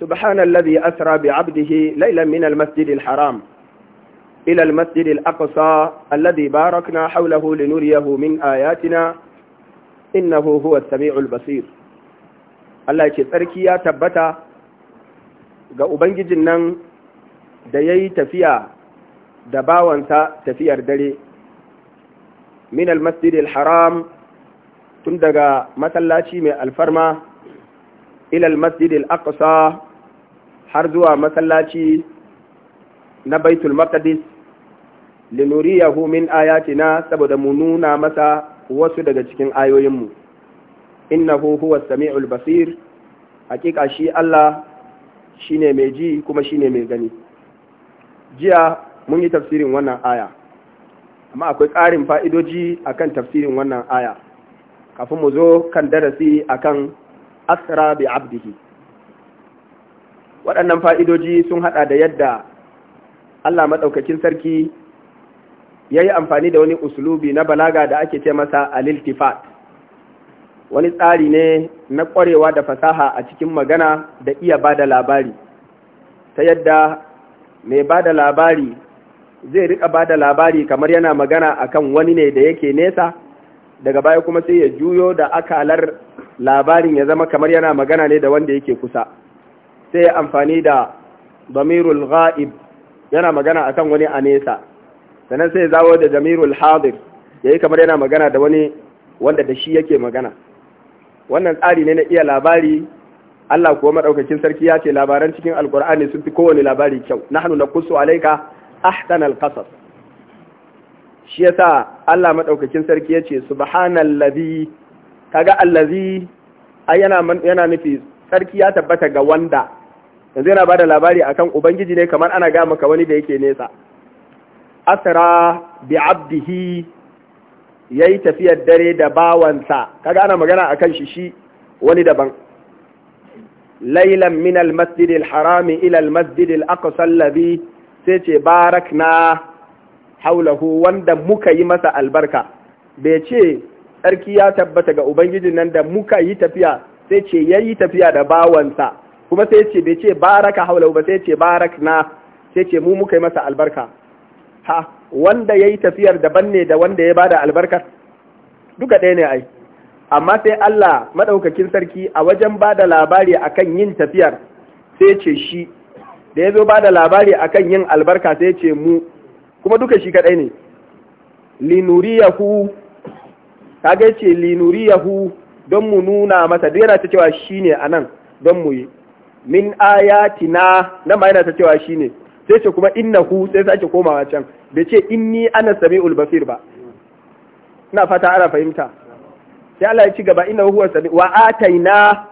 سبحان الذي أسرى بعبده ليلا من المسجد haram ilal المسجد الأقصى الذي باركنا حوله لنريه من آياتنا إنه هو السميع البصير Allah ce tsarki ya tabbata ga Ubangijin nan da ya yi tafiya da bawansa tafiyar dare, min al-masjid haram tun daga masallaci mai alfarma ilal masjid al-aqsa har zuwa masallaci na baitul maqdis linuriyahu min ayatina saboda mu nuna masa wasu daga cikin ayoyinmu innahu huwa sami'ul basir hakika shi Allah shine mai ji kuma shine mai gani jiya mun yi tafsirin wannan aya amma akwai ƙarin fa'idoji akan tafsirin wannan aya kafin mu zo kan darasi akan asra bi abdihi waɗannan fa'idoji sun haɗa da yadda Allah maɗaukakin sarki ya yi amfani da wani usulubi na balaga da ake ce masa aliltifat wani tsari ne na ƙwarewa da fasaha a cikin magana da iya ba da labari ta yadda mai ba da labari zai riƙa ba da labari kamar yana magana akan wani ne da yake nesa daga baya kuma sai ya juyo da akalar labarin ya zama kamar yana magana ne da wanda yake kusa sai ya amfani da damirul ghaib yana magana akan wani a nesa sannan sai zawo da damirul hadir yayi kamar yana magana da wani wanda da shi yake magana wannan tsari ne na iya labari Allah kuwa madaukakin sarki ya ce labaran cikin alkur'ani sun fi kowane labari kyau nahnu naqussu alayka ahsana qasas shi yasa Allah madaukakin sarki yace subhanallazi kaga allazi ai yana yana nufi sarki ya tabbata ga wanda yanzu yana bada labari akan ubangiji ne kamar ana ga maka wani da yake nesa asra bi abdihi yayi tafiyar dare da bawansa kaga ana magana akan shi shi wani daban Laylan min al-masjid al-haram ila al-masjid alladhi sai ce barakna haulahu wanda muka yi masa albarka bai ce tsarki ya tabbata ga ubangijin nan da muka yi tafiya sai ce ya yi tafiya da bawansa kuma sai ce bai ce baraka haula ba sai ce barak na sai ce mu muka yi masa albarka ha wanda ya yi tafiyar daban ne da wanda ya bada albarkar duka ɗaya ne ai amma sai Allah madaukakin sarki a wajen bada labari akan yin tafiyar sai ce shi da ya zo ba da labari a kan yin albarka sai ce mu kuma duka shi kaɗai ne linuriyahu kaga yace linuriyahu don mu nuna masa da yana ta cewa shine anan don mu yi min ayatina nan ma yana ta cewa shine sai ce kuma innahu sai sake komawa can bai ce inni ana sami'ul basir ba ina fata ana fahimta sai Allah ya ci gaba inna huwa sami wa ataina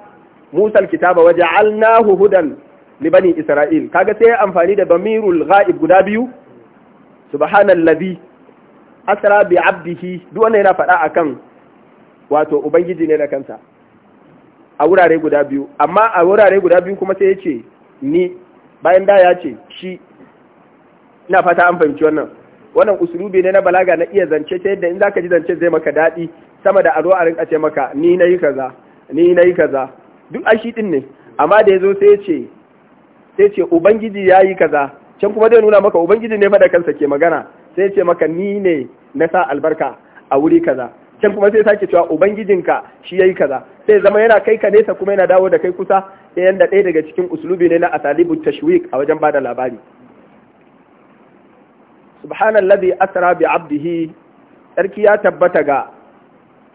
Musa alkitaba wa ja'alnahu hudan li bani Isra'il kaga sai amfani da damirul ghaib guda biyu subhanallazi asra bi abdihi duk wannan yana faɗa akan wato ubangiji ne da kansa a wurare guda biyu amma a wurare guda biyu kuma sai ya ce ni bayan da ya ce shi ina fata an fahimci wannan wannan usulubi ne na balaga na iya zance ta yadda in zaka ji zance zai maka daɗi sama da aro a rinka ce maka ni nayi kaza ni nayi kaza duk ashi din ne amma da yazo sai ya ce sai ce ubangiji yayi kaza can kuma zai nuna maka ubangiji ne fa da kansa ke magana sai ce maka ni ne na sa albarka a wuri kaza can kuma sai sake cewa ubangijinka shi yayi kaza sai zama yana kai ka nesa kuma yana dawo da kai kusa sai yanda ɗaya daga cikin uslubi ne na asalibu tashwik a wajen bada labari subhanallazi asra bi abdihi sarki ya tabbata ga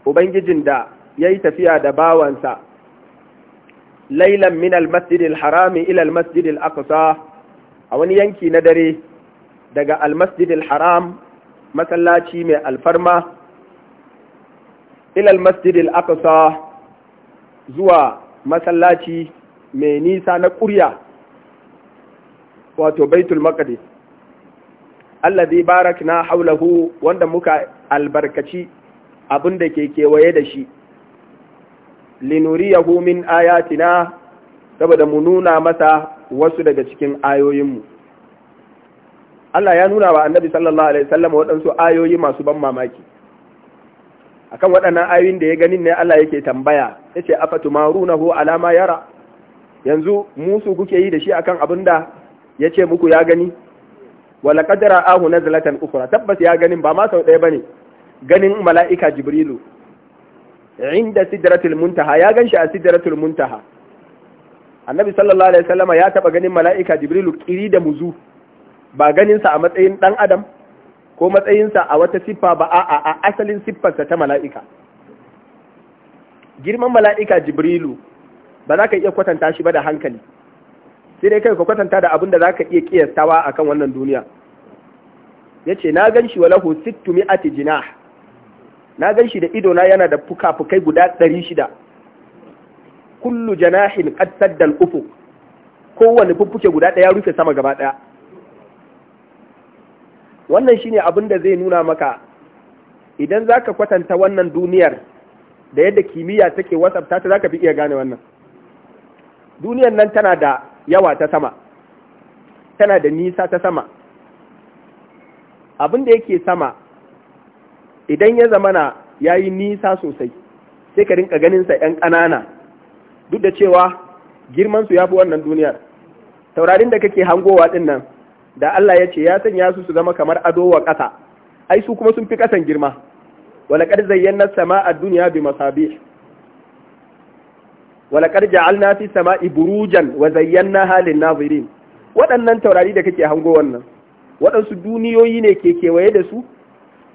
ubangijin da yayi tafiya da bawansa Laylan min almasjid harami ila almasjid aqsa a wani yanki na dare daga almasjid haram masallaci mai alfarma ilal masjidil aqsa zuwa masallaci mai nisa na ƙurya wato baitul maqdis na barakna hawlahu wanda muka albarkaci abun da ke kewaye da shi linuriyahu min ayatina saboda mu nuna masa wasu daga cikin ayoyinmu Allah ya nuna wa annabi sallallahu alaihi wasallam waɗansu ayoyi masu ban mamaki akan waɗannan ayoyin da ya ganin ne Allah yake tambaya yace marunahu ala ma yara yanzu musu kuke yi da shi akan abin da yace muku ya gani wala qadara ahu nazlatan ukhra tabbas ya ganin ba ma sau ɗaya bane ganin mala'ika jibrilu inda sidratul muntaha ya ganshi a sidratul muntaha annabi sallallahu alaihi wasallam ya taba ganin mala'ika jibrilu kiri da muzu ba ganinsa a matsayin ɗan adam ko matsayinsa a wata siffa ba a asalin siffarsa ta mala'ika girman mala'ika jibrilu ba za ka iya kwatanta shi ba da hankali sai dai kai ka kwatanta da abin da za ka iya kiyastawa a kan wannan duniya ya ce na gan shi walahu sittu mi'ati jina na gan shi da idona yana da fuka-fukai guda ɗari shida kullu janahin ƙasar ufu kowane fuffuke guda ɗaya rufe sama gaba ɗaya wannan shine abin da zai nuna maka idan za ka kwatanta wannan duniyar da yadda kimiyya take wasabta ta ka fi iya gane wannan duniyar nan tana da yawa ta sama tana da nisa ta sama abin da yake sama idan ya zamana ya yi nisa sosai sai ka rinka ganinsa 'yan ƙanana duk da cewa girmansu ya fi wannan duniyar taurarin da kake hangowa ɗin nan da Allah ya ce ya sanya su su zama kamar ado wa ƙasa ai su kuma sun fi ƙasan girma na zayyana a duniya bi masabih Ja'al na fi sama iburujan wa zayyana halin nazirin waɗannan taurari da kake hango wannan waɗansu duniyoyi ne ke kewaye da su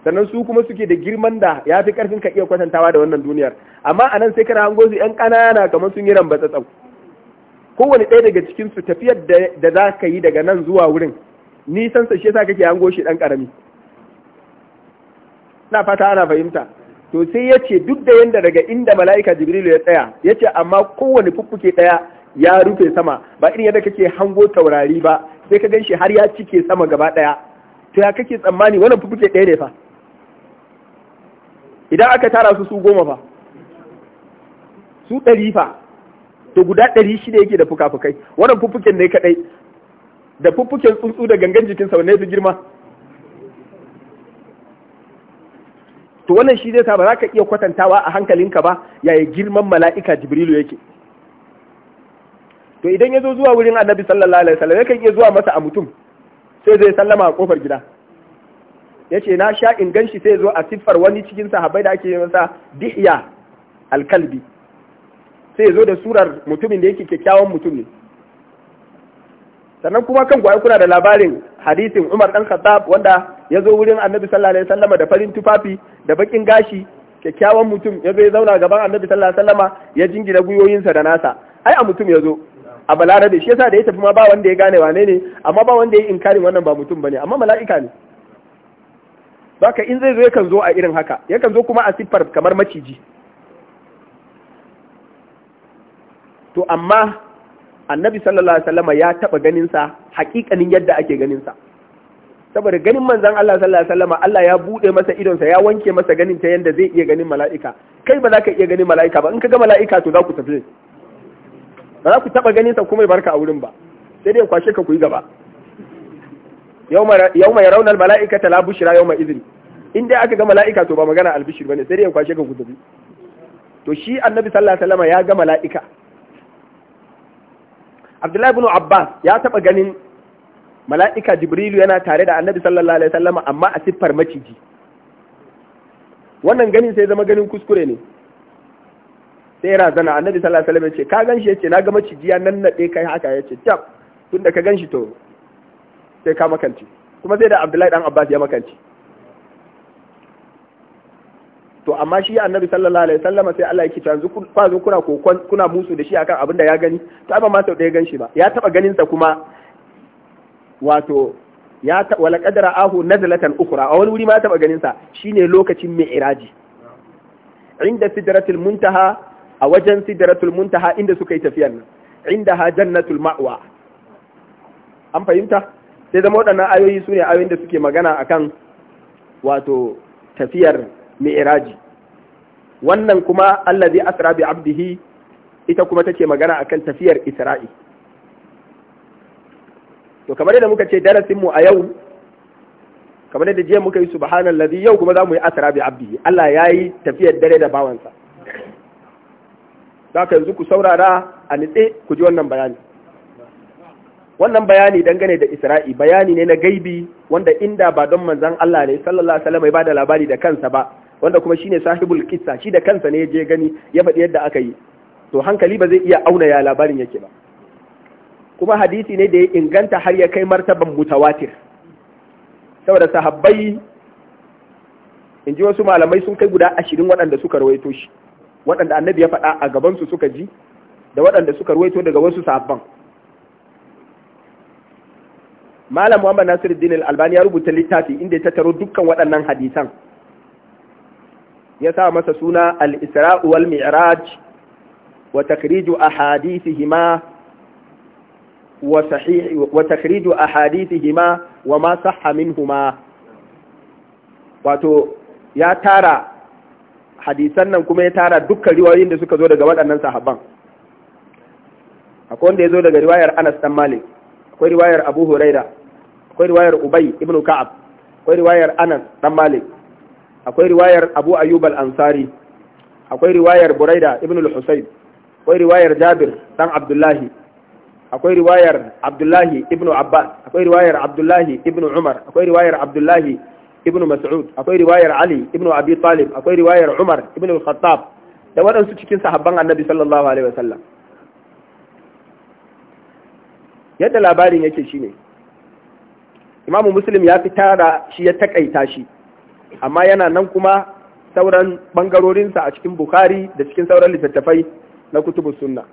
sannan su kuma suke da girman da ya fi ƙarfin ka iya kwatantawa da wannan duniyar amma a nan sai kana hango su ‘yan ƙanana kamar sun yi rambatsatsau kowane ɗaya daga cikinsu tafiyar da za ka yi daga nan zuwa wurin nisan sa shi yasa kake hango shi dan karami na fata ana fahimta to sai ya ce duk da yanda daga inda mala'ika jibrilu ya tsaya ya ce amma kowane fuffuke ɗaya ya rufe sama ba irin yadda kake hango taurari ba sai ka gan shi har ya cike sama gaba ɗaya to ya kake tsammani wannan fuffuke ɗaya ne fa idan aka tara su su goma fa su ɗari fa to guda ɗari ne yake da fuka-fukai wannan fuffuken ne kaɗai da fuffuken tsuntsu da gangan jikinsa wanne fi girma to wannan shi zai sa ba za ka iya kwatantawa a hankalinka ba yaya girman mala'ika jibrilu yake to idan ya zo zuwa wurin annabi sallallahu alaihi wasallam yakan iya zuwa masa a mutum sai zai sallama a kofar gida ya ce na sha in ganshi sai zo a siffar wani cikin sahabbai da ake yi masa dihiya alkalbi sai zo da surar mutumin da yake kyakkyawan mutum ne sannan kuma kan gwai kuna da labarin hadisin Umar ɗan Khattab wanda ya zo wurin Annabi sallallahu alaihi wasallama da farin tufafi da bakin gashi kyakkyawan mutum ya zo ya zauna gaban Annabi sallallahu alaihi wasallama ya jingina gwiwoyinsa da nasa ai a mutum ya zo a balarabe shi yasa da ya tafi ma ba wanda ya gane wane ne amma ba wanda ya inkarin wannan ba mutum bane amma mala'ika ne baka in zai zo yakan zo a irin haka yakan zo kuma a siffar kamar maciji to amma annabi sallallahu alaihi wasallam ya taba ganin sa hakikanin yadda ake ganin sa saboda ganin manzon Allah sallallahu alaihi wasallam Allah ya bude masa idon sa ya wanke masa ganin ta yadda zai iya ganin mala'ika kai ba za ka iya ganin mala'ika ba in ka ga mala'ika to za ku tafi ba za ku taba ganin sa kuma barka a wurin ba sai dai kwashe ka ku yi gaba raunar mala'ika ta la yau mai idhin in dai aka ga mala'ika to ba magana albishir bane sai dai kwashe ka ku tafi to shi annabi sallallahu alaihi wasallam ya ga mala'ika Abdullahi ibn Abbas ya taɓa ganin mala'ika Jibrilu yana tare da Annabi sallallahu alaihi wasallam amma a siffar maciji wannan ganin sai zama ganin kuskure ne sai razana Annabi sallallahu alaihi wasallam ya ce ka ganshi yace na ga maciji ya nan nade kai haka yace tab tunda ka ganshi to sai ka makanci kuma sai da Abdullahi dan Abbas ya makanci to amma shi annabi sallallahu alaihi wasallam sai Allah yake cewa kwa zo kuna kokon kuna musu da shi akan abin da ya gani ta ba ma sau ɗaya gan shi ba ya taba ganin sa kuma wato ya ta wala qadara ahu nazlatan ukhra a wani wuri ma taba ganin sa shine lokacin mi'raji inda sidratul muntaha a wajen sidratul muntaha inda suka yi tafiyar nan inda ha jannatul ma'wa an fahimta sai zama waɗannan ayoyi su ne ayoyin da suke magana akan wato tafiyar mi'raji wannan kuma allazi asra bi abdihi ita kuma tace magana akan tafiyar isra'i to kamar yadda muka ce darasin mu a yau kamar yadda jiya muka yi subhanallazi yau kuma za mu yi asra bi abdihi Allah ya yi tafiyar dare da bawansa za ka yanzu ku saurara a nitse ku ji wannan bayani wannan bayani dangane da isra'i bayani ne na gaibi wanda inda ba don manzan Allah ne sallallahu alaihi wasallam ya bada labari da kansa ba wanda kuma shine sahibul kissa shi da kansa ne ya je gani ya faɗi yadda aka yi to hankali ba zai iya auna ya labarin yake ba kuma hadisi ne da ya inganta har ya kai martaban mutawatir saboda sahabbai in ji wasu malamai sun kai guda ashirin waɗanda suka rawaito shi waɗanda annabi ya faɗa a gabansu suka ji da waɗanda suka rawaito daga wasu sahabban malam muhammad nasiruddin al-albani ya rubuta littafi inda ya tattaro dukkan waɗannan hadisan ya sa masa suna al wal mi'raj wa takriju a wa sahih wa takriju ahadithihima wa ma wato ya tara hadisan nan kuma ya tara dukkan riwayoyin da suka zo daga waɗannan sahabban akwai wanda ya zo daga riwayar Anas dan Malik akwai riwayar Abu Huraira akwai riwayar Ubay ibn Ka'ab akwai riwayar Anas dan Malik akwai riwayar abu ayyub al-ansari akwai riwayar buraida ibn al-husayn akwai riwayar jabir dan abdullahi akwai riwayar abdullahi ibn abbas akwai riwayar abdullahi ibn umar akwai riwayar abdullahi ibn mas'ud akwai riwayar ali ibn abi talib akwai riwayar umar ibn al-khattab da waɗansu cikin sahabban annabi sallallahu alaihi wasallam yadda labarin yake shine imamu muslim ya fi tara shi ya takaita shi amma yana nan kuma sauran bangarorinsa a cikin bukhari da cikin sauran littattafai na kutubu sunna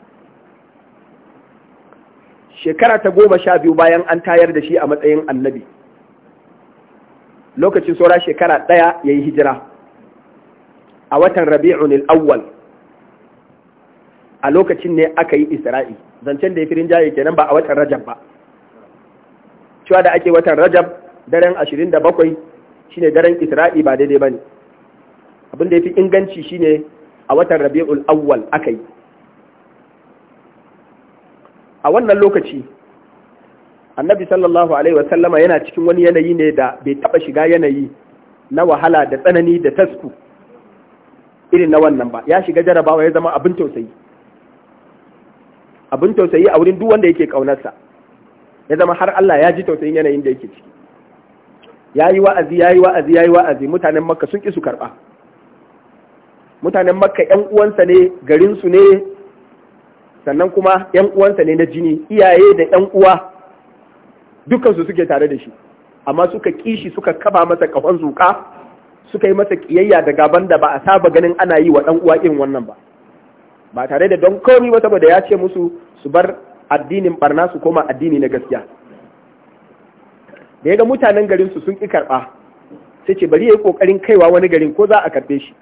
shekara ta goma sha biyu bayan an tayar da shi a matsayin annabi lokacin saura shekara ɗaya ya yi hijira a watan rabi'un awwal a lokacin ne aka yi isra'i zancen da ya firin jaye kenan ba a watan rajab ba cewa da ake watan rajab daren ashirin da bakwai shine daren isra'i ba daidai ba ne. abin da fi inganci shine a watan rabi'ul awwal yi. a wannan lokaci annabi sallallahu alaihi wasallama yana cikin wani yanayi ne da bai taba shiga yanayi na wahala da tsanani da tasku irin na wannan ba ya shiga jarabawa ya zama abin tausayi abin tausayi a wurin duk wanda yake ƙaunarsa, ya zama har Allah ya ji tausayin yanayin da yake ciki yayi wa'azi yi wa'azi yi wa'azi mutanen makka sun ƙi su karba mutanen makka yan uwansa ne garinsu ne sannan kuma yan uwansa ne na jini iyaye da yan uwa dukansu suke tare da shi amma suka kishi suka kaba masa ƙahon zuƙa suka yi masa ƙiyayya da gaban da ba a saba ganin ana yi wa ɗan uwa irin wannan ba ba tare da don komi ba saboda ya ce musu su bar addinin barna su koma addini na gaskiya da ya ga mutanen garin su sun ƙi karɓa sai ce bari ya yi ƙoƙarin kaiwa wani garin ko za a karɓe shi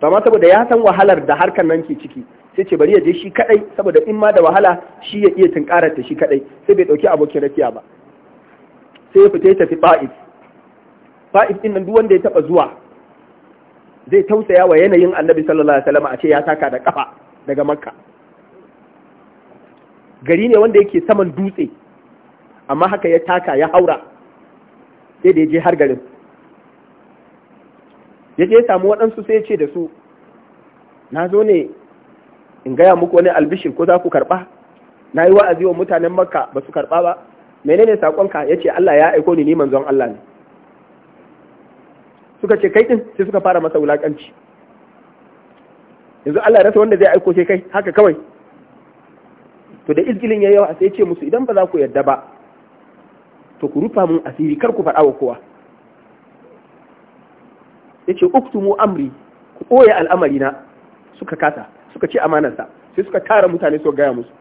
ba ma saboda ya san wahalar da harkar nan ke ciki sai ce bari ya je shi kaɗai saboda in ma da wahala shi ya iya tunkarar ta shi kaɗai, sai bai dauki abokin rafiya ba sai ya fita ya tafi fa'if fa'if ɗin nan duk wanda ya taɓa zuwa zai tausaya wa yanayin annabi sallallahu alaihi wasallam a ce ya taka da kafa daga makka gari ne wanda yake saman dutse amma haka ya taka ya haura sai da ya je har garin ya je samu waɗansu sai ya ce da su na zo ne in gaya muku wani albishir ko za ku karɓa na yi wa'azi wa mutanen makka ba su karɓa ba menene saƙonka ya ce Allah ya aiko ni ni zuwan Allah ne suka ce kai ɗin sai suka fara masa wulaƙanci yanzu Allah rasa wanda zai aiko sai kai haka kawai to da izgilin ya yawa sai ce musu idan ba za ku yarda ba to ku rufa mun asiri kar ku faɗa wa kowa yace uktumu amri ku ɓoye al'amari na suka kasa suka ce amanarsa sai suka tara mutane su gaya musu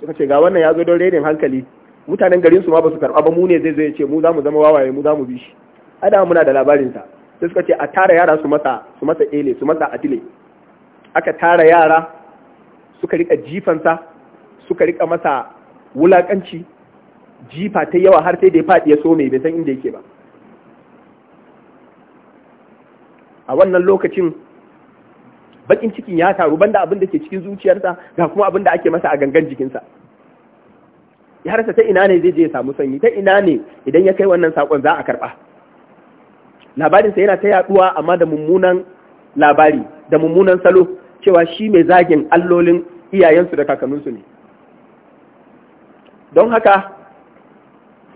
suka ce ga wannan ya zo don rainin hankali mutanen garin su ma ba su karɓa ba mu ne zai zo ya ce mu za mu zama wawaye mu za mu bi shi ada muna da labarinsa sai suka ce a tara yara su masa su masa ele su masa atile aka tara yara suka rika jifansa suka rika masa wulakanci jifa ta yawa har sai da ya faɗi ya so mai bai san inda yake ba a wannan lokacin bakin cikin ya taru banda abin da ke cikin zuciyarsa ga kuma abin da ake masa a gangan jikinsa ya harsa ta ina ne zai je ya samu sanyi ta ina ne idan ya kai wannan sakon za a karba labarinsa yana ta yaduwa amma da mummunan labari da mummunan salo cewa shi mai zagin allolin iyayensu da kakanninsu ne don haka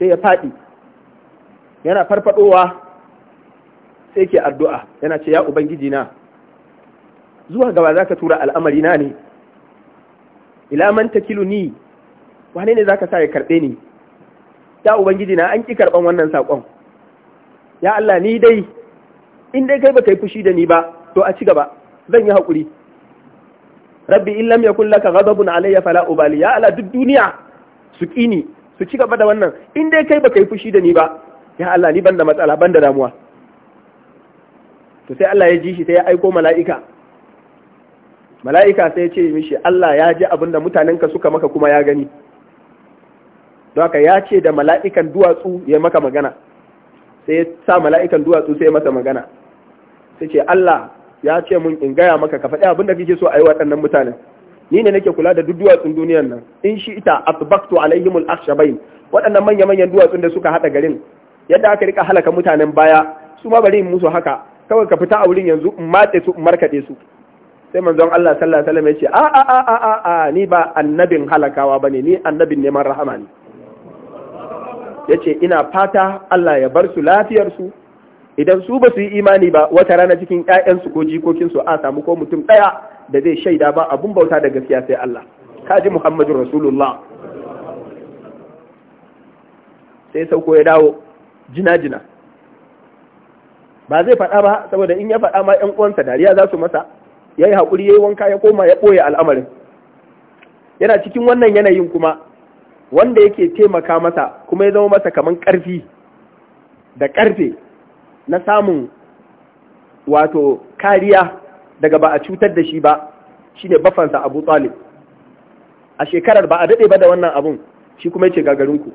sai ya faɗi yana farfaɗowa sai ke addu'a yana ce ya ubangiji na zuwa gaba za ka tura al'amari na ne ilaman takilu ni wane ne za ka sa ya karɓe ni ya ubangiji na an ƙi karɓan wannan saƙon ya Allah ni dai in dai kai ba yi fushi da ni ba to a ci gaba zan yi haƙuri rabbi in lam yakun laka ghadabun alayya fala ubali ya Allah duk duniya su ni. su ci gaba da wannan in dai kai baka yi fushi da ni ba ya Allah ni banda matsala banda damuwa to sai Allah ya ji shi sai ya aiko mala'ika mala'ika sai ya ce mishi Allah ya ji abin da mutanenka suka maka kuma ya gani don haka ya ce da mala'ikan duwatsu ya maka magana sai ya sa mala'ikan duwatsu sai ya masa magana sai ce Allah ya ce mun in gaya maka ka faɗi abin da kake so a yi waɗannan mutanen ni ne nake kula da duk duwatsun duniyar nan in shi ita asbaktu alaihim al-akhshabain waɗannan manya manyan duwatsun da suka hada garin yadda aka rika halaka mutanen baya su ma bari in musu haka kawai ka fita a wurin yanzu in matse su in markade su sai manzon Allah sallallahu alaihi wasallam ya ce a a a a ni ba annabin halakawa bane ni annabin neman rahama ne yace ina fata Allah ya bar su lafiyar su idan su ba su yi imani ba wata rana cikin ƴaƴansu ko jikokin su a samu ko mutum ɗaya da zai shaida ba abun bauta da gaskiya sai Allah kaji Muhammadu Rasulullah sai sauko ya dawo jina-jina ba zai faɗa ba saboda in ya faɗa ma 'yan uwansa dariya za su masa ya yi haƙuri ya yi wanka ya koma ya ɓoye al'amarin yana cikin wannan yanayin kuma wanda yake taimaka masa kuma ya zama masa kamar ƙarfi da ƙarfe na samun wato kariya daga ba a cutar da shi ba shine bafansa Abu Talib a shekarar ba a daɗe ba da wannan abun shi kuma yake gagarinku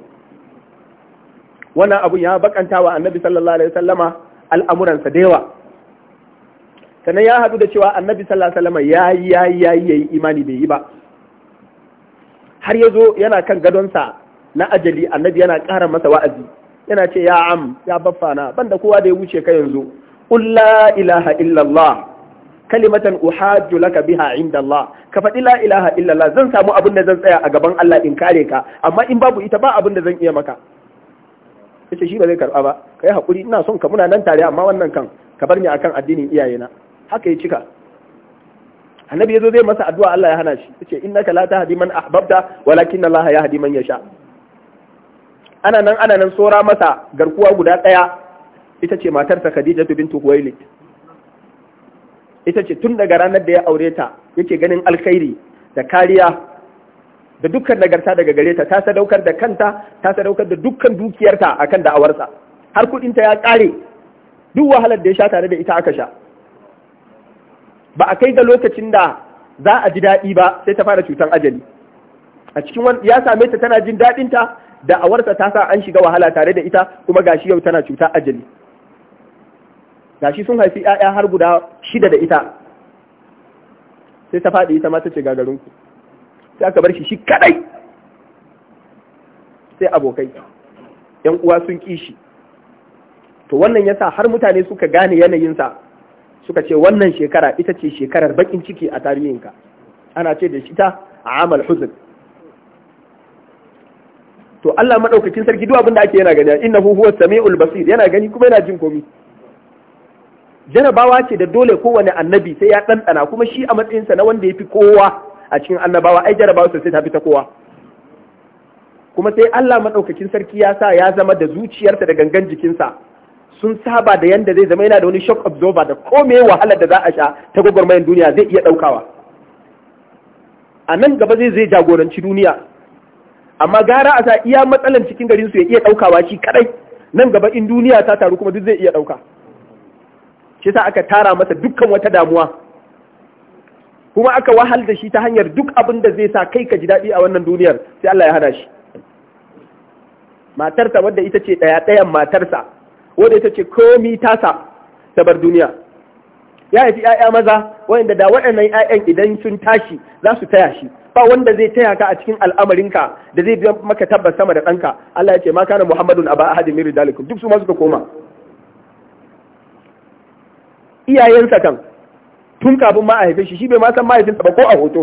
wannan abun ya bakanta wa annabi sallallahu alaihi wasallama al'amuransa da yawa sannan ya haɗu da cewa annabi sallallahu alaihi wasallama ya yi ya yi ya yi imani bai yi ba har ya zo yana kan gadonsa na ajali annabi yana ƙara masa wa'azi yana ce ya am ya bafana banda kowa da ya wuce ka yanzu ƙulla ilaha illallah kalimatan uhajju laka biha inda Allah ka faɗi la ilaha illallah zan samu abin da zan tsaya a gaban Allah in kare ka amma in babu ita ba abin da zan iya maka yace shi ba zai karba ba kai hakuri ina son ka muna nan tare amma wannan kan ka bar ni akan addinin iyayena haka ya cika annabi yazo zai masa addu'a Allah ya hana shi yace innaka la tahdi man ahbabta walakin Allah yahdi man yasha ana nan ana nan sora masa garkuwa guda daya ita ce matarsa Khadija bintu Khuwailid ita ce tun daga ranar da ya aure ta yake ganin alkhairi da kariya da dukkan nagarta daga gare ta ta sadaukar da kanta ta sadaukar da dukkan dukiyarta akan da'awarsa har kuɗinta ya kare duk wahalar da ya sha tare da ita aka sha ba a kai ga lokacin da za a ji daɗi ba sai ta fara cutar ajali a cikin wani ya same ta tana jin daɗinta da'awarsa ta sa an shiga wahala tare da ita kuma gashi yau tana cutar ajali gashi sun haifi ‘ya'ya har guda shida da ita sai ta faɗi ita ma ta ce gagarinku sai aka bar shi shi kadai sai abokai ‘yan uwa sun kishi. to wannan yasa har mutane suka gane yanayinsa suka ce wannan shekara ita ce shekarar baƙin ciki a tarihinka ana ce da shi ta a amal huzun to Allah maɗaukakin sarki duk abin da ake yana gani innahu huwa sami'ul basir yana gani kuma yana jin komi jarabawa ce da dole kowane annabi sai ya ɗanɗana kuma shi a matsayinsa na wanda ya fi kowa a cikin annabawa ai jarabawa sosai ta fi ta kowa kuma sai Allah maɗaukakin sarki ya sa ya zama da zuciyarsa da gangan jikinsa sun saba da yanda zai zama yana da wani shock absorber da kome wahalar da za a sha ta gwagwarmayar duniya zai iya ɗaukawa a nan gaba zai zai jagoranci duniya amma gara a sa iya matsalan cikin garin su ya iya ɗaukawa shi kaɗai nan gaba in duniya ta taru kuma duk zai iya ɗauka. shi sa aka tara masa dukkan wata damuwa kuma aka wahal da shi ta hanyar duk abin da zai sa kai ka ji daɗi a wannan duniyar sai Allah ya hana shi matarsa wadda ita ce ɗaya ɗayan matarsa wadda ita ce komi tasa ta bar duniya ya haifi ‘ya'ya maza wanda da waɗannan ‘ya'yan idan sun tashi za su taya shi ba wanda zai taya ka a cikin al'amarinka da zai biya maka tabbas sama da ɗanka Allah ya ce ma kana Muhammadun aba ahadin min rijalikum duk su ma suka koma iyayensa kan tun kafin ma a haife shi shi bai ma san mahaifinsa ba ko a hoto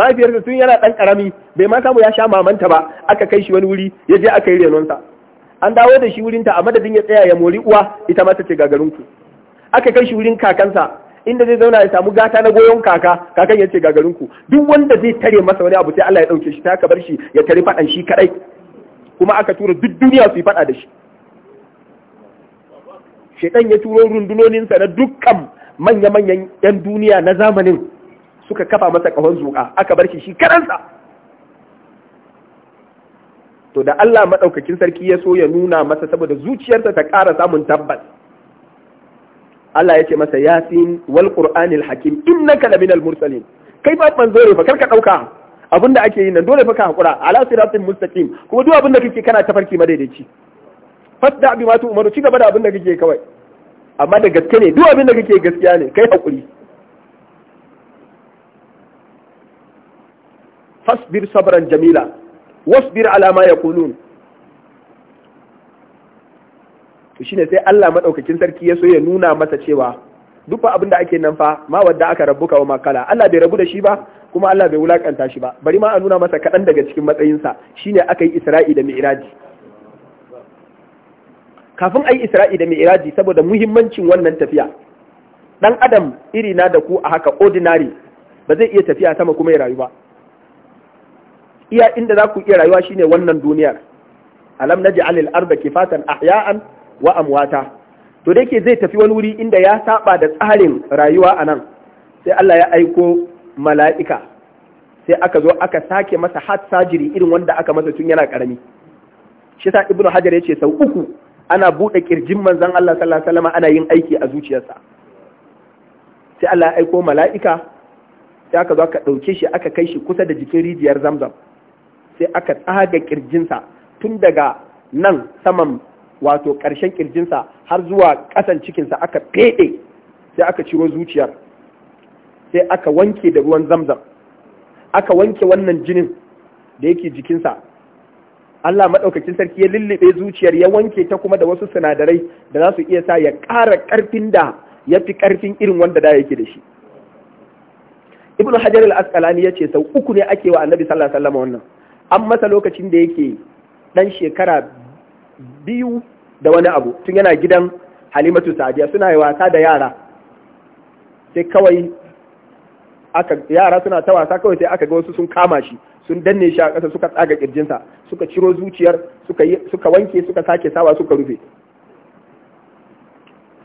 mahaifiyarsa tun yana ɗan ƙarami bai ma samu ya sha mamanta ba aka kai shi wani wuri ya je aka yi renonsa an dawo da shi wurinta a madadin ya tsaya ya mori uwa ita ma ta ce gagarunku. aka kai shi wurin kakansa inda zai zauna ya samu gata na goyon kaka kakan ya ce ku duk wanda zai tare masa wani abu sai Allah ya ɗauke shi ta ka bar shi ya tare faɗan shi kaɗai kuma aka tura duk duniya su yi faɗa da shi shedan ya turo rundunoninsa na dukkan manya-manyan 'yan duniya na zamanin suka kafa masa kahon zuƙa aka bar shi shi karansa to da Allah maɗaukakin sarki ya so ya nuna masa saboda zuciyarsa ta ƙara samun tabbas Allah ya ce masa yasin wal qur'anil hakim innaka laminal mursalin kai ba manzo ne fa karka ɗauka abinda ake yi nan dole fa ka hakura ala siratin mustaqim kuma duk abinda kake kana tafarki madaidaici fadda bi matu umaru ci gaba da abin da kake kawai amma da gaske ne duk abin da kake gaskiya ne kai hakuri fasbir sabran jamila wasbir ala ma yaqulun to shine sai Allah madaukakin sarki ya so ya nuna masa cewa duk fa abin da ake nan fa ma wadda aka rabuka wa makala Allah bai rabu da shi ba kuma Allah bai wulakanta shi ba bari ma a nuna masa kaɗan daga cikin matsayinsa shine aka yi Isra'i da Mi'raji kafin a yi isra'i da mi'raji saboda muhimmancin wannan tafiya dan adam iri na da ku a haka ordinary ba zai iya tafiya sama kuma ya rayu ba iya inda za ku iya rayuwa shine wannan duniyar alam naj'al al-ardha kifatan ahya'an wa amwata to da yake zai tafi wani wuri inda ya saba da tsarin rayuwa a nan sai Allah ya aiko mala'ika sai aka zo aka sake masa hat sajiri irin wanda aka masa tun yana karami shi sa ibnu hajar ya ce sau uku ana buɗe ƙirjin manzon Allah sallallahu alaihi wasallam ana yin aiki a zuciyarsa sai Allah ya aiko mala'ika sai aka zo aka ɗauke shi aka kai shi kusa da jikin rijiyar zamzam sai aka tsaga ƙirjinsa tun daga nan saman wato ƙarshen ƙirjinsa, har zuwa ƙasan cikinsa aka feɗe sai aka ciro zuciyar sai aka wanke da ruwan zamzam aka wanke wannan jinin da yake jikinsa Allah maɗaukacin sarki ya lullube zuciyar ya wanke ta kuma da wasu sinadarai da za su iya sa ya ƙara ƙarfin da ya fi ƙarfin irin wanda da yake da shi. Ibn Hajar al ya ce sau uku ne ake wa Annabi sallallahu alaihi wasallam wannan. An masa lokacin da yake ɗan shekara biyu da wani abu tun yana gidan Halimatu Sadiya suna yi wasa da yara. Sai kawai aka yara suna ta wasa kawai sai aka ga wasu sun kama shi sun danne shi a ƙasa suka tsaga ƙirjinsa, suka ciro zuciyar suka wanke suka sake sawa suka rufe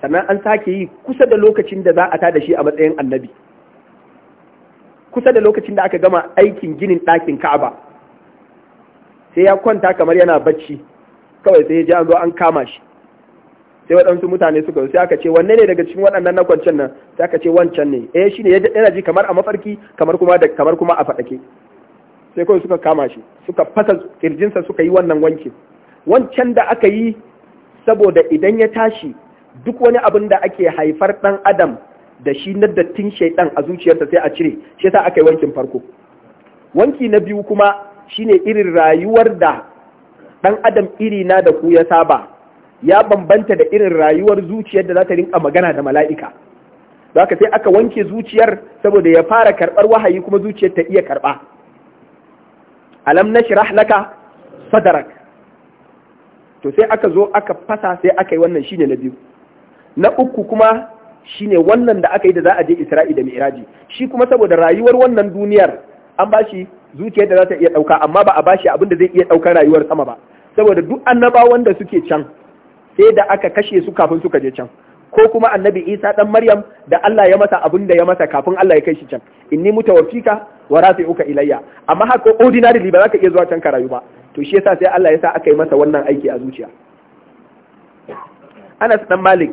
sannan an sake yi kusa da lokacin da za a tada shi a matsayin annabi kusa da lokacin da aka gama aikin ginin ɗakin ka'aba sai ya kwanta kamar yana bacci kawai sai ya ji an zo an kama shi sai waɗansu mutane suka sai aka ce wanne ne daga cikin waɗannan na kwancen nan sai aka ce wancan ne eh shine yana ji kamar a mafarki kamar kuma da kamar kuma a faɗake sai kawai suka kama shi suka fasa kirjinsa suka yi wannan wanki wancan da aka yi saboda idan ya tashi duk wani abin da ake haifar ɗan adam da shi na dattin shaidan a zuciyarsa sai a cire shi yasa aka yi wankin farko wanki na biyu kuma shine irin rayuwar da ɗan adam iri na da ku ya saba ya bambanta da irin rayuwar zuciyar da za ta rinka magana da mala'ika zaka sai aka wanke zuciyar saboda ya fara karɓar wahayi kuma zuciyar ta iya karɓa alam shirah laka sadarak. to sai aka zo aka fasa sai aka yi wannan shine na biyu na uku kuma shine wannan da aka yi da za a je Isra'i da Mi'raji shi kuma saboda rayuwar wannan duniyar an ba shi zuciyar da za ta iya ɗauka amma ba a bashi abin da zai iya daukar rayuwar sama ba saboda duk annaba wanda suke can sai da aka kashe su kafin suka je can ko kuma annabi Isa dan Maryam da Allah ya masa abin da ya masa kafin Allah ya kai shi can inni mutawaffika wa rafi'uka ilayya amma haka ordinary ba za ka iya zuwa can karayu rayu ba to shi yasa sai Allah ya sa aka yi masa wannan aiki a zuciya Anas dan Malik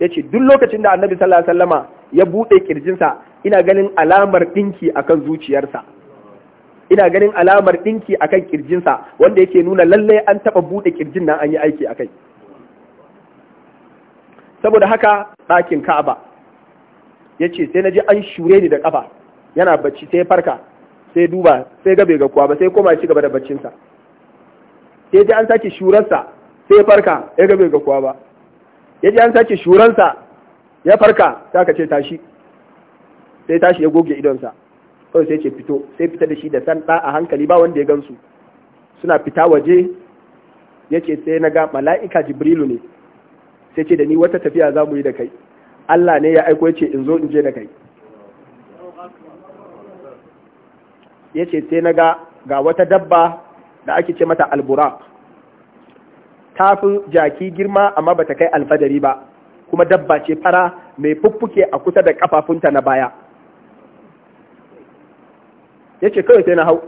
yace duk lokacin da Annabi sallallahu alaihi wasallama ya bude kirjinsa ina ganin alamar dinki akan zuciyarsa ina ganin alamar dinki akan kirjinsa wanda yake nuna lallai an taba bude kirjin nan an yi aiki akai saboda haka ɗakin Ka'aba yace sai naji an shure ni da kafa yana bacci sai farka sai duba sai gabe ga kuwa ba sai koma ci gaba da baccinsa sai ji an sake shurarsa sai farka ya gabe ga kuwa ba ya ji an sake shurarsa ya farka sai ka ce tashi sai tashi ya goge idonsa kawai sai ce fito sai fita da shi da san a hankali ba wanda ya gansu suna fita waje yake sai na ga mala'ika jibrilu ne sai ce da ni wata tafiya za mu yi da kai Allah ne ya aiko ya ce in zo in je da kai ya ce sai na ga ga wata dabba da ake ce mata albura ta fi jaki girma amma ba ta kai alfadari ba kuma dabba ce fara mai fuffuke a kusa da kafafunta na baya ya ce kawai sai na hau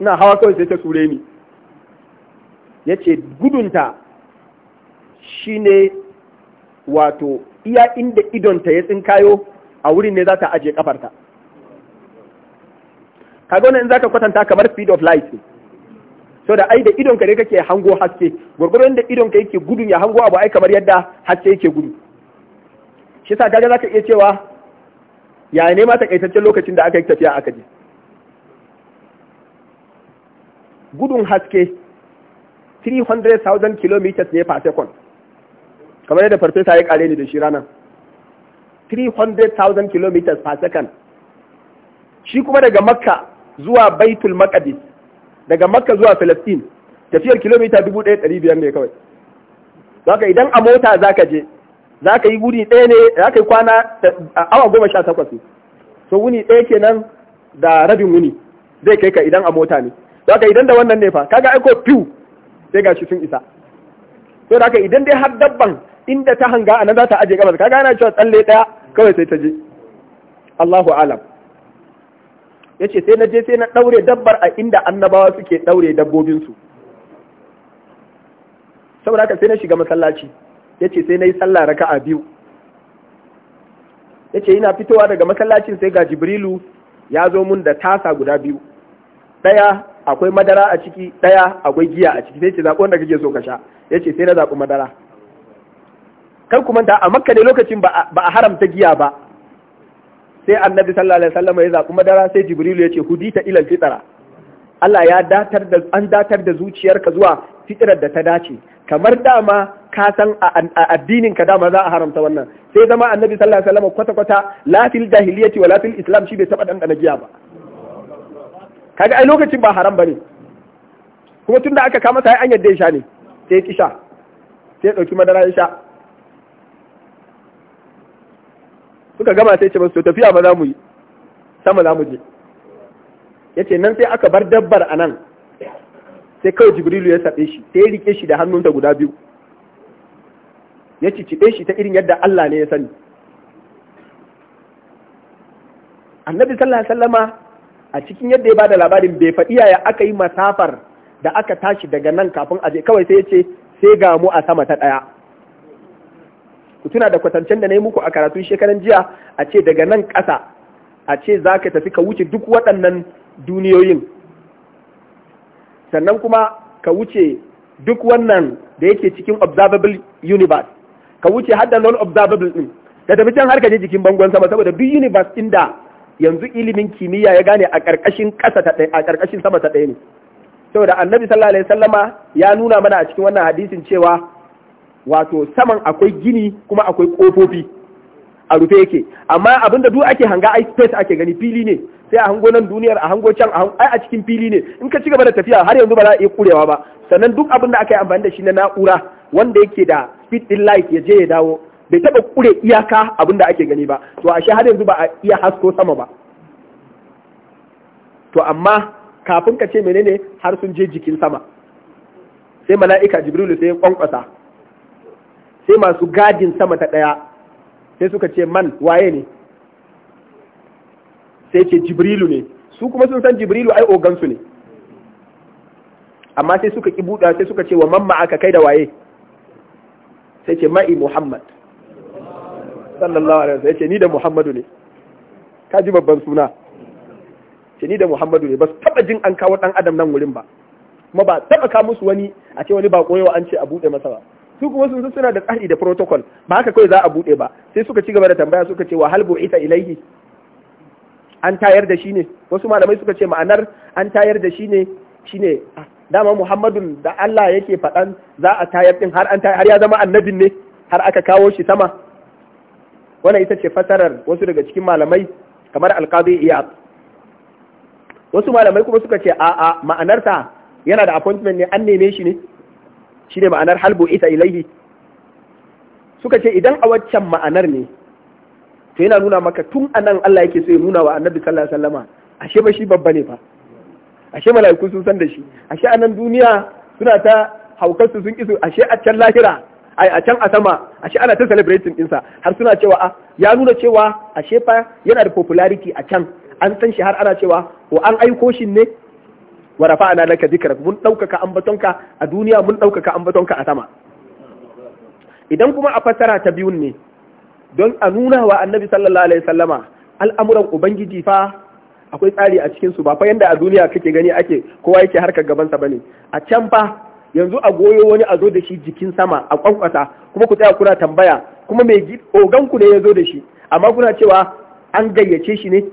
ina hawa kawai sai ta ture ni ya ce gudunta shi ne wato iya inda idonta ya tsinkayo a wurin ne za ta ajiye kafarta. kaga wannan in zaka kwatanta kamar speed of light ne so da ai da idon ka ne kake hango haske gurgurun da idon ka yake gudun ya hango abu ai kamar yadda haske yake gudu shi yasa kaga zaka iya cewa ya ne ma takaitaccen lokacin da aka yi tafiya aka je gudun haske 300,000 km ne per second kamar yadda farfesa ya kare ni da shi ranar 300,000 km per second shi kuma daga makka zuwa baitul maqdis daga makka zuwa filistin tafiyar kilomita 1500 ne kawai zaka idan a mota zaka je zaka yi guri ɗaya ne zaka yi kwana awa goma sha takwas ne so wuni ɗaya kenan da rabin wuni zai kai ka idan a mota ne zaka idan da wannan ne fa kaga aiko piu sai gashi sun isa to zaka idan dai har dabban inda ta hanga anan za ta aje gabas kaga ana cewa tsalle ɗaya kawai sai ta je Allahu alam yace sai na je sai na ɗaure dabbar a inda annabawa suke ɗaure dabbobin su saboda haka sai na shiga masallaci yace sai na yi sallah raka'a biyu yace ina fitowa daga masallacin sai ga Jibrilu ya zo mun da tasa guda biyu ɗaya akwai madara a ciki ɗaya akwai giya a ciki sai ce zaɓi wanda kake so ka sha yace sai na zaɓi madara kar ku manta a makka ne lokacin ba a haramta giya ba sai annabi sallallahu alaihi wasallam ya zaɓi madara sai jibrilu ya ce hudita ila fitara Allah ya datar da an datar da zuciyarka zuwa fitrar da ta dace kamar dama ka san a addinin ka dama za a haramta wannan sai zama annabi sallallahu alaihi wasallam kwata kwata la jahiliyyati wa la islam shi bai taba dan giya ba kaga ai lokacin ba haram bane kuma tunda aka kama sai an yadda ya sha ne sai ya kisha sai ya dauki madara ya sha suka gama sai ce masu tafiya ba za mu yi sama za mu je ya ce nan sai aka bar dabbar a nan sai kawai jibrilu ya saɓe shi sai ya rike shi da hannunta guda biyu ya cicibe shi ta irin yadda Allah ne ya sani annabi sallallahu alaihi wasallama a cikin yadda ya ba da labarin bai faɗi yaya aka yi masafar da aka tashi daga nan kafin a je kawai sai ya ce sai gamu a sama ta ɗaya ku tuna da kwatancen da na yi muku a karatun shekaran jiya a ce daga nan ƙasa a ce za ka tafi ka wuce duk waɗannan duniyoyin sannan kuma ka wuce duk wannan da yake cikin observable universe ka wuce har non-observable ɗin da tafi can har ka je jikin bangon sama saboda duk universe ɗin da yanzu ilimin kimiyya ya gane a ƙarƙashin ƙasa ta ɗaya a ƙarƙashin sama ta ɗaya ne da annabi sallallahu alaihi ya nuna mana a cikin wannan hadisin cewa wato saman akwai gini kuma akwai kofofi a rufe yake amma abinda duk ake hanga ai space ake gani fili ne sai a hango nan duniyar a hango can ai a cikin fili ne in ka cigaba da tafiya har yanzu ba za a iya kurewa ba sannan duk abin da aka yi amfani da shi na na'ura wanda yake da speed din light ya je ya dawo bai taba kure iyaka abin da ake gani ba to ashe har yanzu ba a iya hasko sama ba to amma kafin ka ce menene har sun je jikin sama sai mala'ika jibrilu sai ya kwankwasa sai masu gadin sama ta ɗaya sai suka ce man waye ne sai ce jibrilu ne su kuma sun san jibrilu ai ogansu ne amma sai suka ki buɗa sai suka ce wa mamma aka kai da waye sai ce ma'i muhammad sallallahu alaihi wasallam ce ni da muhammadu ne ka ji babban suna ce ni da muhammadu ne ba su taba jin an kawo dan adam nan wurin ba kuma ba taba ka musu wani a ce wani ba koyo an ce a buɗe masa ba su kuma sun suna da tsari da protocol ba haka kawai za a buɗe ba sai suka ci gaba da tambaya suka ce wa halbu ita ilaihi an tayar da shi ne wasu malamai suka ce ma'anar an tayar da shi ne shine ah, dama Muhammadun da Allah yake faɗan za a tayar din har an har ya zama annabin ne har aka kawo shi sama wannan ita ce fasarar wasu daga cikin malamai kamar alqadi iyad wasu malamai kuma suka ce a'a ma'anarta yana da appointment ne an neme shi ne Shi ne ma'anar halbu ita ilaihi suka ce idan a waccan ma'anar ne to yana nuna maka tun anan Allah yake so ya nuna wa annabi sallallahu alaihi wasallama ashe ba shi babba ne fa ashe mala'iku sun san da shi ashe anan duniya suna ta haukar su sun kisu ashe a can lahira ai a can a sama ashe ana ta celebrating sa har suna cewa a ah, ya nuna cewa ashe fa yana da popularity a can an san shi har ana cewa ko oh, an aiko shi ne wa rafa'ana laka dhikrak mun daukaka ambatonka a duniya mun daukaka ambatonka a sama idan kuma a fassara ta biyun ne don a nuna wa annabi sallallahu alaihi sallama al'amuran ubangiji fa akwai tsari a cikinsu ba fa yanda a duniya kake gani ake kowa yake harka gabansa bane a can fa yanzu a goyo wani a zo da shi jikin sama a kwankwasa kuma ku tsaya kuna tambaya kuma mai ku ne ya zo da shi amma kuna cewa an gayyace shi ne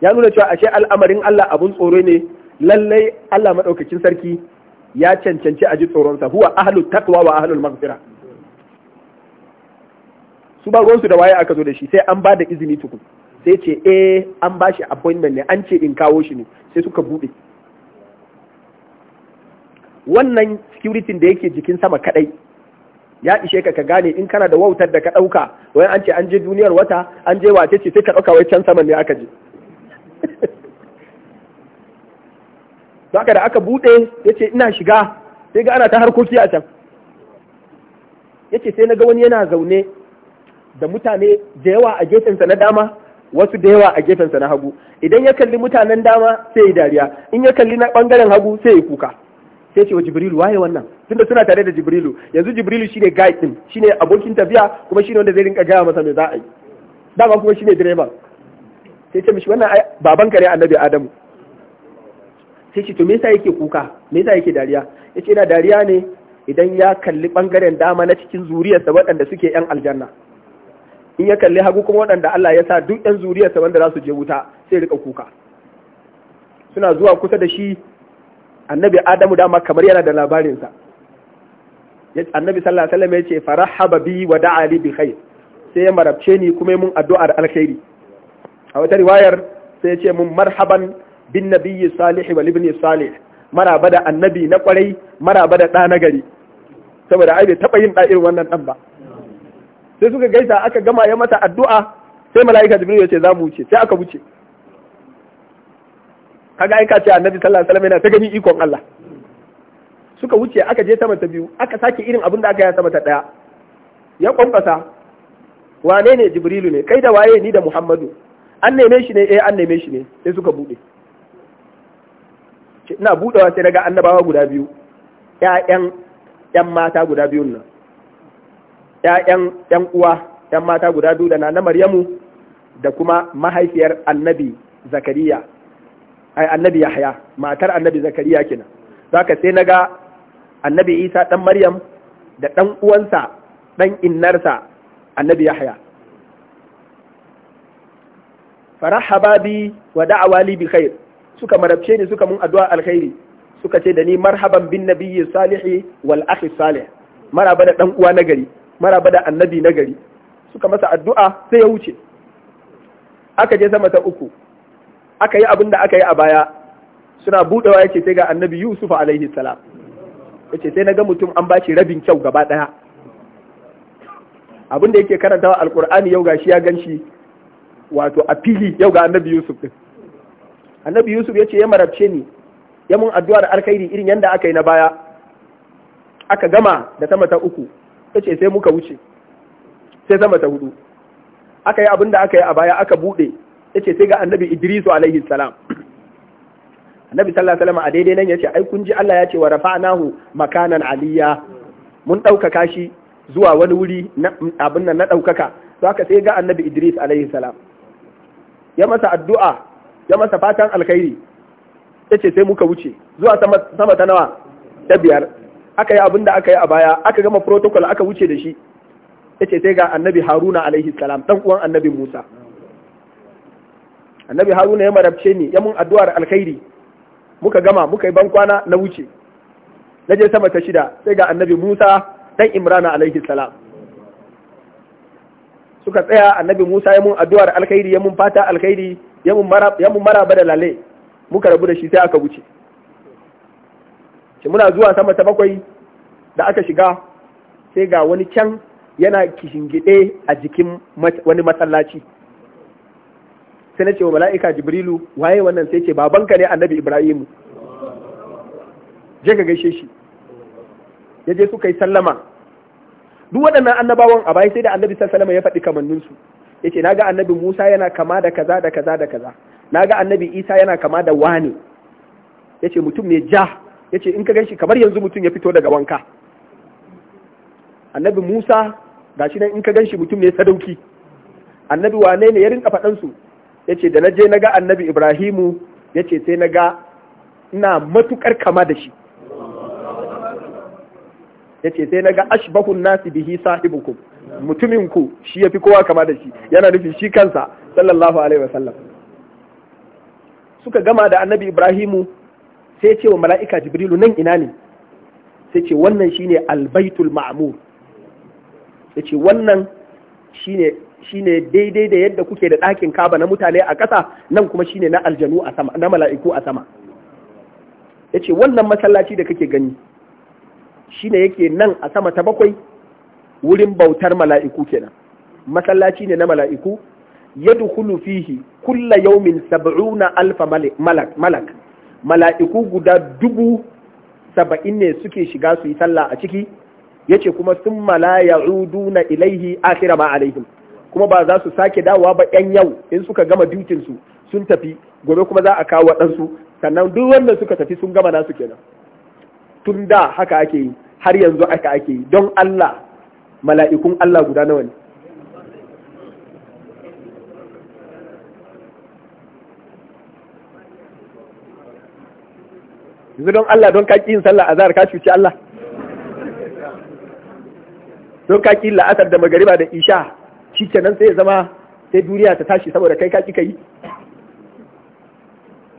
ya nuna cewa ashe al'amarin Allah abun tsoro ne lallai Allah maɗaukacin sarki ya cancanci a ji tsoronsa huwa ahlut taqwa wa ahlul maghfira su ba ruwansu da waye aka zo da shi sai an ba da izini tukun sai ce eh an ba shi appointment ne an ce in kawo shi ne sai suka buɗe wannan security da yake jikin sama kadai ya ishe ka ka gane in kana da wautar da ka ɗauka wai an ce an je duniyar wata an je wace ce sai ka ɗauka wai can saman ne aka je haka da aka buɗe ya ce ina shiga sai ga ana ta harkoki a can ya ce sai na ga wani yana zaune da mutane da yawa a gefensa na dama wasu da yawa a gefensa na hagu idan ya kalli mutanen dama sai ya dariya in ya kalli na ɓangaren hagu sai ya kuka sai ce wa jibrilu waye wannan tunda suna tare da jibrilu yanzu jibrilu shine guide din shine abokin tafiya kuma shine wanda zai rinka gaya masa me za a yi dama kuma shine direba sai ce mishi wannan baban annabi adamu sai ce to me yasa yake kuka me yasa yake dariya yace ina dariya ne idan ya kalli bangaren dama na cikin zuriyarsa waɗanda suke yan aljanna in ya kalli hagu kuma waɗanda Allah ya sa duk yan zuriyarsa wanda za su je wuta sai rika kuka suna zuwa kusa da shi annabi Adamu dama kamar yana da labarinsa annabi sallallahu alaihi wasallam yace farahaba bi wa da'a li bi khair sai ya marabce ni kuma mun addu'ar alkhairi a wata riwayar sai ya ce mun marhaban bin nabiyyi salih wal ibni salih maraba da annabi na kwarai maraba da na gari saboda ai bai taba yin da irin wannan dan ba sai suka gaisa aka gama ya mata addu'a sai mala'ika jibril ya ce za mu wuce sai aka wuce kaga ai ka ce annabi sallallahu alaihi wasallam yana ta gani ikon Allah suka wuce aka je sama ta biyu aka sake irin abin da aka yi sama ta daya ya kwankwasa wane ne jibrilu ne kai da waye ni da muhammadu an neme shi ne eh an neme shi ne sai suka bude ina budawa sai daga annabawa guda biyu ƴaƴan ƴan mata guda biyun nan ƴaƴan ƴan uwa ƴan mata guda biyu da na Maryamu da kuma mahaifiyar annabi Zakariya ai annabi Yahya matar annabi Zakariya Za zaka sai naga annabi Isa dan Maryam da dan uwansa dan innarsa annabi Yahya farahaba bi wa da'awa li bi khair suka marabce ni suka mun addu'a alkhairi suka ce da ni marhaban bin nabiyyi salihi wal akhi salih maraba da dan uwa gari maraba da annabi gari suka masa addu'a sai ya wuce aka je sama ta uku aka yi abin aka yi a baya suna budewa yace sai ga annabi Yusuf alaihi salam yace sai naga mutum an bashi rabin kyau gaba daya abin da yake karantawa alqur'ani yau gashi ya ganshi wato a fili yau ga annabi Yusuf din annabi yusuf ya ce ya marabce ni ya mun addu'ar alkhairi irin yadda aka yi na baya aka gama da sama ta uku ya ce sai muka wuce sai sama ta hudu aka yi abin da aka yi a baya aka buɗe ya ce sai ga annabi idrisu alaihi salam annabi sallallahu alaihi a daidai nan ya ce ai kun ji Allah ya ce wa rafa'nahu makanan aliyya mun ɗaukaka shi zuwa wani wuri abin nan na ɗaukaka to haka sai ga annabi idris alaihi salam ya masa addu'a ya masa fatan alkhairi ya ce sai muka wuce zuwa sama ta nawa ta biyar aka yi abin da aka yi a baya aka gama protocol aka wuce da shi ya ce sai ga annabi haruna alaihi salam dan uwan annabi musa annabi haruna ya marabce ni ya mun addu'ar alkhairi muka gama muka yi bankwana na wuce na je sama ta shida sai ga annabi musa dan imrana alaihi salam suka tsaya annabi musa ya mun addu'ar alkhairi ya mun fata alkhairi ya mun maraba da lale muka rabu da shi sai aka wuce shi muna zuwa sama ta bakwai da aka shiga sai ga wani can yana kishingide a jikin wani matsalaci. sai na ce wa mala'ika jibrilu waye wannan sai ce babanka ne annabi ibrahimu je ka gaishe shi ya je suka yi sallama duk waɗannan annabawan a bayan sai da annabi sallama ya faɗi kamanninsu yace naga annabi Musa yana kama da kaza da kaza da kaza naga annabi Isa yana kama da wani yace mutum mai ja yace in ka ganshi kamar yanzu mutum ya fito daga wanka annabi Musa gashi nan in ka ganshi mutum ne sadauki annabi wane ne ya rinka faɗan su yace da naje naga annabi Ibrahimu yace sai naga ina matukar kama da shi yace sai naga ashbahun nasi bihi sahibukum mutumin ku shi fi kowa kama da shi yana nufi shi kansa sallallahu alaihi wasallam suka gama da annabi ibrahimu sai ce wa mala'ika jibrilu nan ina ne sai ce wannan shine albaitul ma'mur sai ce wannan shine ne daidai da yadda kuke da ɗakin kaba na mutane a ƙasa nan kuma shine na aljanu a sama na mala'iku a sama yace wannan masallaci da kake gani shine yake nan a sama ta bakwai wurin bautar mala'iku kenan masallaci ne na mala'iku dukulu fihi kulla yawmin sab'una alfa malak mala'iku guda dubu saba'in ne suke shiga su yi sallah a ciki yace kuma sun mala na ilaihi akira ma alaihim kuma ba za su sake dawa ba yan yau in suka gama dukinsu sun tafi gobe kuma za a kawo waɗansu sannan duk wanda suka tafi sun gama nasu kenan tun da haka ake yi har yanzu aka ake yi don Allah mala'ikun Allah guda nawa ne yanzu don Allah don kaki yin sallah azhar ka cuci Allah don kaki la'asar da magariba da isha shi kenan sai ya zama sai duniya ta tashi saboda kai kaki yi?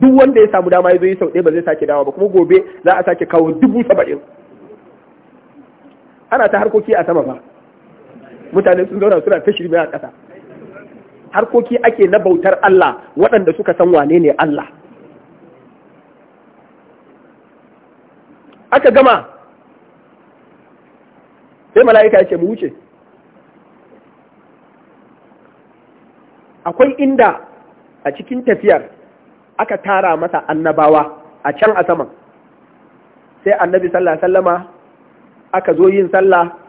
duk wanda ya samu dama ya zo yi sau ɗaya ba zai sake dawa ba kuma gobe za a sake kawo dubu saba'in ana ta harkoki a sama ba mutane sun zauna suna ta shirme a ƙasa harkoki ake na bautar Allah waɗanda suka san wane ne Allah aka gama sai mala'ika ya ce mu wuce akwai inda a cikin tafiyar aka tara masa annabawa a can a saman sai annabi sallah sallama aka zo yin sallah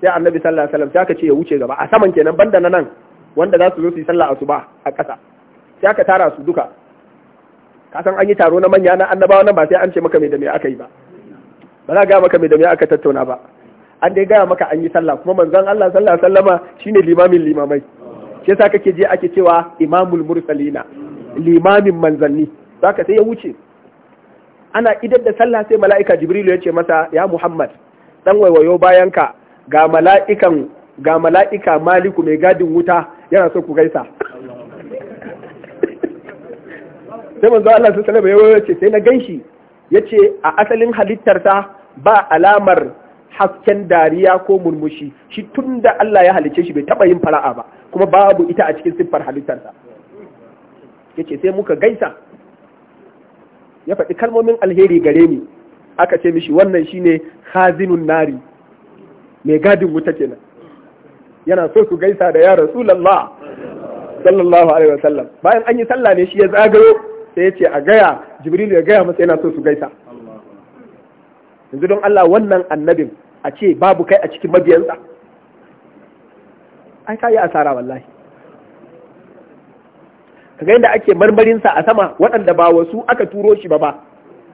sai annabi sallallahu alaihi wasallam sai ce ya wuce gaba a saman kenan banda na nan wanda za su zo su yi sallah asuba a ƙasa sai aka tara su duka ka san an yi taro na manya na annabawa nan ba sai an ce maka me da me aka yi ba ba za ga maka me da me aka tattauna ba an dai gaya maka an yi sallah kuma manzon Allah sallallahu alaihi wasallama shine limamin limamai sai yasa kake je ake cewa imamul mursalina limamin manzanni zaka sai ya wuce ana idar da sallah sai mala'ika jibrilu ya ce masa ya muhammad dan waiwayo ka. ga mala'ikan ga mala'ika maliku mai gadin wuta yana so ku gaisa sai manzo Allah sun salama ya ce sai na ganshi yace a asalin halittarsa ba alamar hasken dariya ko murmushi shi tun da Allah ya halice shi bai taba yin fara'a ba kuma babu ita a cikin siffar halittarsa yace sai muka gaisa ya faɗi kalmomin alheri gare ni aka ce mishi wannan shine khazinun nari mai gadin wuta kenan yana so su gaisa da ya rasulullah sallallahu alaihi wasallam bayan an yi sallah ne shi ya zagayo sai ya ce a gaya jibril ya gaya masa yana so su gaisa yanzu don Allah wannan annabin a ce babu kai a cikin mabiyansa ai ka yi asara wallahi kaga inda ake marmarinsa a sama waɗanda ba wasu aka turo shi ba ba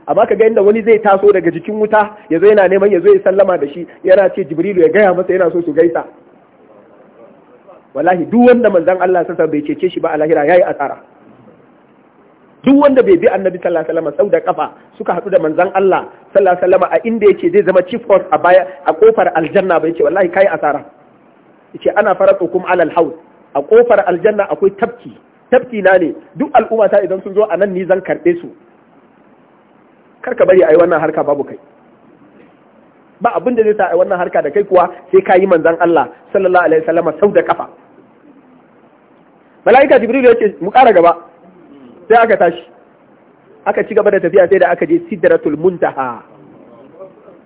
amma ka ga inda wani zai taso daga jikin wuta ya zo yana neman ya zo ya sallama da shi yana ce jibrilu ya gaya masa yana so su gaisa wallahi duk wanda manzon Allah sassa bai cece shi ba a lahira yayi asara duk wanda bai bi annabi sallallahu alaihi wasallam sau da kafa suka haɗu da manzon Allah sallallahu alaihi wasallam a inda yake zai zama chief host a baya a kofar aljanna bai ce wallahi kai asara yace ana faratukum alal haud a kofar aljanna akwai tafki tafki na ne duk al'umma ta idan sun zo a nan ni zan karɓe su karka bari a yi wannan harka babu kai ba abin da zai sa a yi wannan harka da kai kuwa sai ka yi manzan Allah sallallahu alaihi wasallam sau da kafa mala'ika jibril ya ce mu ƙara gaba sai aka tashi aka ci gaba da tafiya sai da aka je sidratul muntaha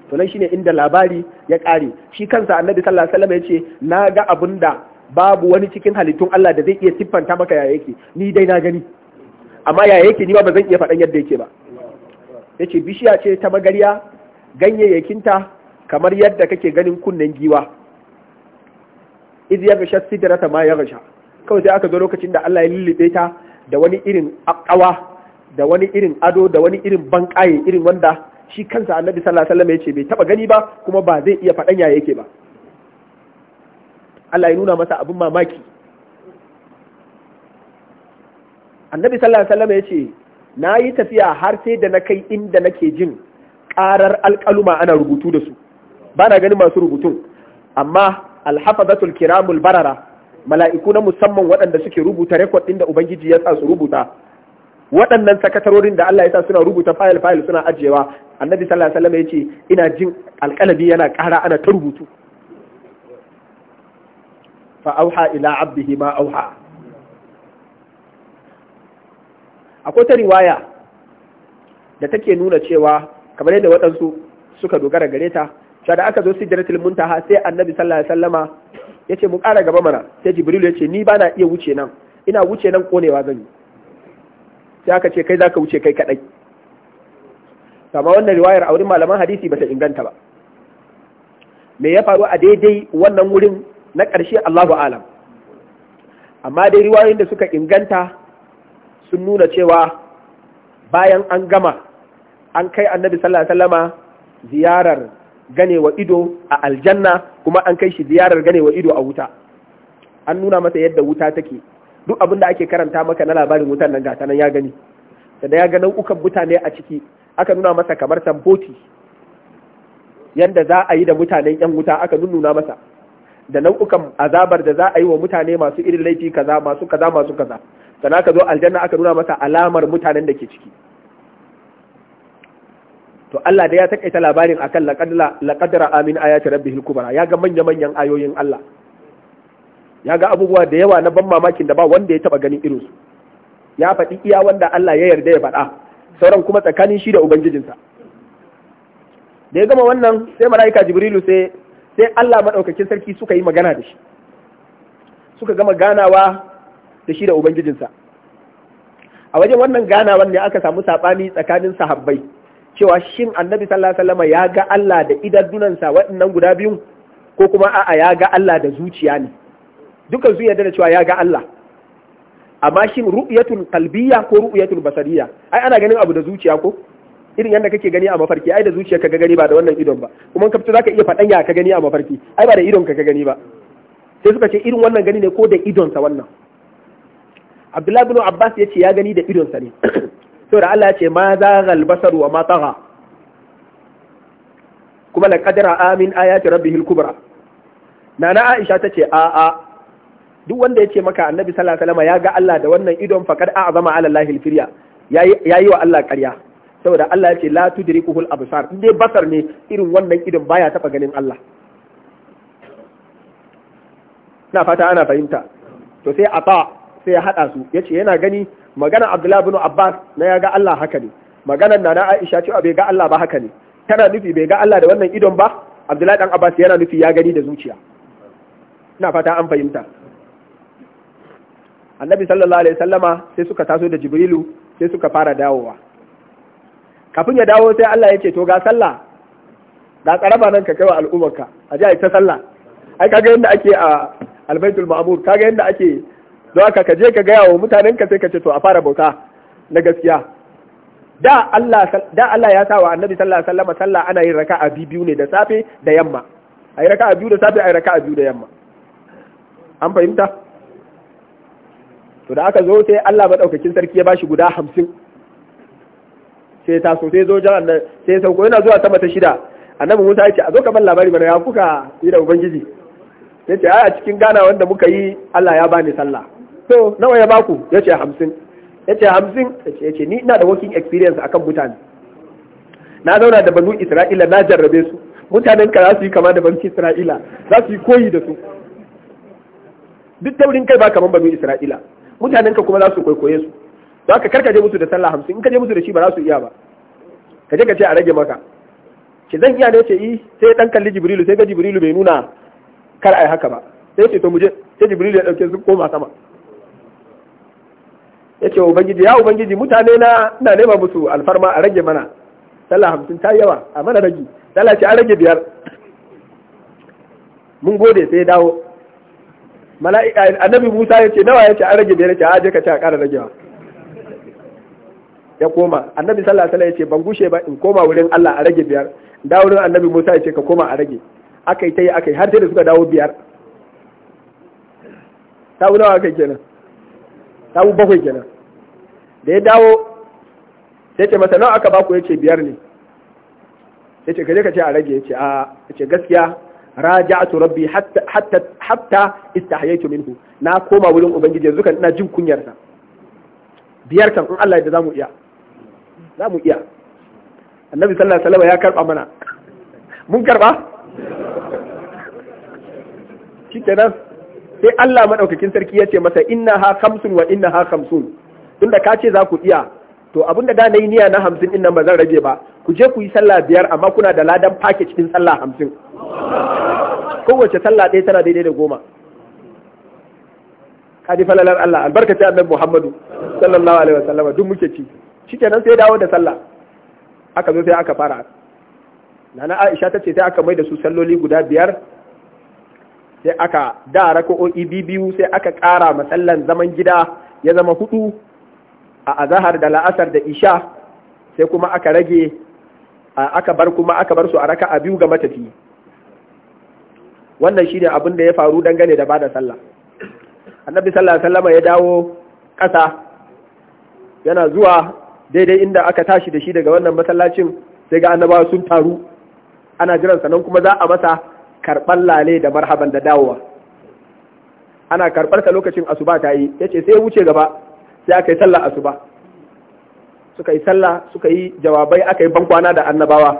to nan shine inda labari ya ƙare shi kansa annabi sallallahu alaihi wasallam ya ce na ga abin da babu wani cikin halittun Allah da zai iya siffanta maka yaya yake ni dai na gani amma yaya yake ni ba ba zan iya faɗan yadda yake ba yace bishiya ce ta magarya ganyayyakinta kamar yadda kake ganin kunnen giwa ya gasha sidrata ma ya gasha. kawai sai aka zo lokacin da Allah ya lullube ta da wani irin akawa da wani irin ado da wani irin bankaye irin wanda shi kansa annabi sallallahu alaihi wasallam bai taba gani ba kuma ba zai iya faɗan yake ba Allah ya nuna masa abin mamaki annabi sallallahu alaihi wasallam yace na yi tafiya har sai da na kai inda nake jin ƙarar alƙaluma ana rubutu da su ba na ganin masu rubutun amma alhafazatul kiramul barara mala'iku na musamman waɗanda suke rubuta rekod ɗin da ubangiji ya sa su rubuta waɗannan sakatarorin da Allah ya sa suna rubuta fayil fayil suna ajiyewa annabi sallallahu alaihi ya ce ina jin alƙalabi yana ƙara ana ta rubutu fa auha ila abdihi ma auha akwai ta riwaya da take nuna cewa kamar yadda waɗansu suka dogara gare ta cewa da aka zo sidratul muntaha sai annabi sallallahu alaihi wasallama yace mu ƙara gaba mana sai jibril yace ni bana iya wuce nan ina wuce nan konewa zan yi sai aka ce kai zaka wuce kai kadai amma wannan riwayar a wurin malaman hadisi bata inganta ba me ya faru a daidai wannan wurin na ƙarshe Allahu alam amma dai riwayoyin da suka inganta sun nuna cewa bayan an gama an kai annabi sallallahu alaihi wasallama ziyarar ganewa ido a aljanna kuma an kai shi ziyarar ganewa ido a wuta an nuna masa yadda wuta take duk abin da ake karanta maka na labarin wutan nan gata nan ya gani da ya ga nau'ukan mutane a ciki aka nuna masa kamar tamboti yadda za a yi da mutanen yan wuta aka nuna masa da nau'ukan azabar da za a yi wa mutane masu irin laifi kaza masu kaza masu kaza sana ka zo aljanna aka nuna masa alamar mutanen da ke ciki to Allah da ya takaita labarin akan laqadra amin ayati rabbihil kubra ya ga manya manyan ayoyin Allah ya ga abubuwa da yawa na ban mamakin da ba wanda ya taba ganin irinsu ya faɗi iya wanda Allah ya yarda ya faɗa sauran kuma tsakanin shi da ubangijinsa da ya gama wannan sai mala'ika jibrilu sai sai Allah maɗaukakin sarki suka yi magana da shi suka gama ganawa da shi da ubangijinsa a wajen wannan ganawar ne aka samu saɓani tsakanin sahabbai cewa shin annabi sallallahu alaihi wasallam ya ga Allah da idaddunansa waɗannan guda biyun ko kuma a'a ya ga Allah da zuciya ne dukan su yarda da cewa ya ga Allah amma shin ru'yatul qalbiyya ko ru'yatul basariyya ai ana ganin abu da zuciya ko irin yadda kake gani a mafarki ai da zuciya ka gani ba da wannan idon ba kuma in fito zaka iya faɗan ya ka gani a mafarki ai ba da idon ka ka gani ba sai suka ce irin wannan gani ne ko da idon sa wannan abdullahi bin abbas ya ce ya gani da idonsa ne saboda Allah ya ce ma zaghal basaru wa ma kuma la qadara amin ayati rabbihil kubra nana aisha ta ce a duk wanda ya ce maka annabi sallallahu alaihi wasallam ya ga Allah da wannan idon faqad a'zama ala allahi alfirya yayi wa Allah ƙarya saboda Allah ya ce la tudrikuhul absar in dai basar ne irin wannan idon baya taba ganin Allah na fata ana fahimta to sai ata sai ya haɗa su ya ce yana gani magana Abdullahi bin Abbas na ya ga Allah haka ne maganar na Aisha cewa bai ga Allah ba haka ne tana nufi bai ga Allah da wannan idon ba Abdullahi dan Abbas yana nufi ya gani da zuciya ina fata an fahimta Annabi sallallahu alaihi wasallama sai suka taso da Jibrilu sai suka fara dawowa kafin ya dawo sai Allah ya ce to ga sallah ga karaba nan ka kai kaiwa al'ummarka a ji ta sallah ai kaga yadda ake a albaitul ma'mur kaga yadda ake don haka ka je ka gaya wa mutanen ka sai ka ce to a fara bauta na gaskiya da Allah da Allah ya sa wa Annabi sallallahu alaihi wasallam sallah ana yin raka'a biyu ne da safe da yamma yi raka'a biyu da safe yi raka'a biyu da yamma an fahimta to da aka zo sai Allah madaukakin sarki ya bashi guda hamsin sai ta so sai zo jaran nan sai sauko yana zuwa sama ta shida annabi Musa ya ce a zo ka ban labari mana ya kuka yi da ubangiji sai ce a cikin gana wanda muka yi Allah ya bani sallah so nawa ya baku ya ce hamsin ya ce hamsin ya ce ni ina da working experience akan mutane na zauna da banu isra'ila na jarrabe su mutanen ka za su yi kama da banu isra'ila za su yi koyi da su duk taurin kai ba kaman banu isra'ila mutanen ka kuma za su kwaikwaye su za ka karka je musu da sallah hamsin in ka je musu da shi ba za su iya ba ka je ka ce a rage maka ki zan iya ne ce yi sai dan kalli jibrilu sai ga jibrilu bai nuna kar ai haka ba sai ce to mu je sai jibrilu ya dauke su koma sama yace ubangiji ya ubangiji mutane na ina nema musu alfarma a rage mana sallah hamsin ta yawa a mana rage sallah ce a rage biyar mun gode sai dawo mala'ika annabi Musa ya ce nawa ya ce an rage biyar ce a je ka ce a ƙara ragewa ya koma annabi sallallahu alaihi wasallam ya ce ban gushe ba in koma wurin Allah a rage biyar da wurin annabi Musa ya ce ka koma a rage akai tayi akai har sai da suka dawo biyar ta wulawa kai kenan sabu bakwai kenan da ya dawo sai ce masa nawa aka baku ya ce biyar ne sai ce kaje ka ce a rage ya ce a ce gaskiya raja'tu rabbi hatta hatta hatta istahyaytu minhu na koma wurin ubangiji yanzu kan ina jin kunyar sa biyar kan in Allah ya zamu iya zamu iya annabi sallallahu alaihi wasallam ya karba mana mun karba nan sai Allah madaukakin sarki ya ce masa inna ha khamsun wa inna ha khamsun tunda ka ce za ku iya to abin da na yi niyya na hamsin din nan ba zan rage ba ku je ku yi sallah biyar amma kuna da ladan fake cikin sallah hamsin kowace sallah ɗaya tana daidai da goma kadi falalar Allah albarkaci annabi Muhammadu sallallahu alaihi wasallam duk muke ci shikenan sai dawo da sallah aka zo sai aka fara Nana Aisha ta ce sai aka mai da su salloli guda biyar sai aka da raka'o'i biyu sai aka ƙara matsalan zaman gida ya zama hudu a azahar da la'asar da isha sai kuma aka rage aka bar kuma aka bar su a raka'a biyu ga matafi wannan shine abin da ya faru dangane da bada sallah annabi sallallahu alaihi ya dawo ƙasa yana zuwa daidai inda aka tashi da shi daga wannan masallacin sai ga annabawa sun taru ana jiran sanan kuma za a masa karɓar lale da marhaban da dawowa ana karɓar ta lokacin asuba ta yi yace sai wuce gaba sai aka yi sallah asuba suka yi sallah suka yi jawabai aka yi bankwana da annabawa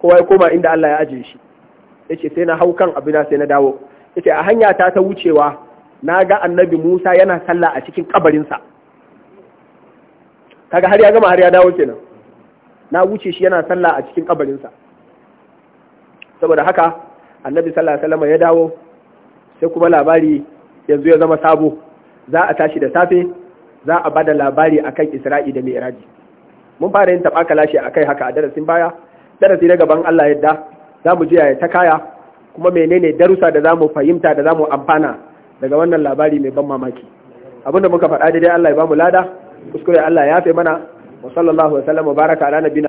kowa ya koma inda Allah ya ajiye shi yace sai na hau kan abina sai na dawo yace a hanya ta ta wucewa na ga annabi Musa yana sallah a cikin kabarinsa kaga har ya gama har ya dawo kenan na wuce shi yana sallah a cikin kabarinsa saboda haka annabi sallallahu alaihi ya dawo sai kuma labari yanzu ya zama sabo za a tashi da safe za a bada labari akan isra'i da mi'raji mun fara yin tabaka lashe akai haka a darasin baya darasi na gaban Allah yadda za mu jiya ta kaya kuma menene darusa da za mu fahimta da za mu amfana daga wannan labari mai ban mamaki abinda muka faɗa daidai Allah ya ba mu lada kuskure Allah ya fi mana wa sallallahu wa sallam wa baraka ala nabiyina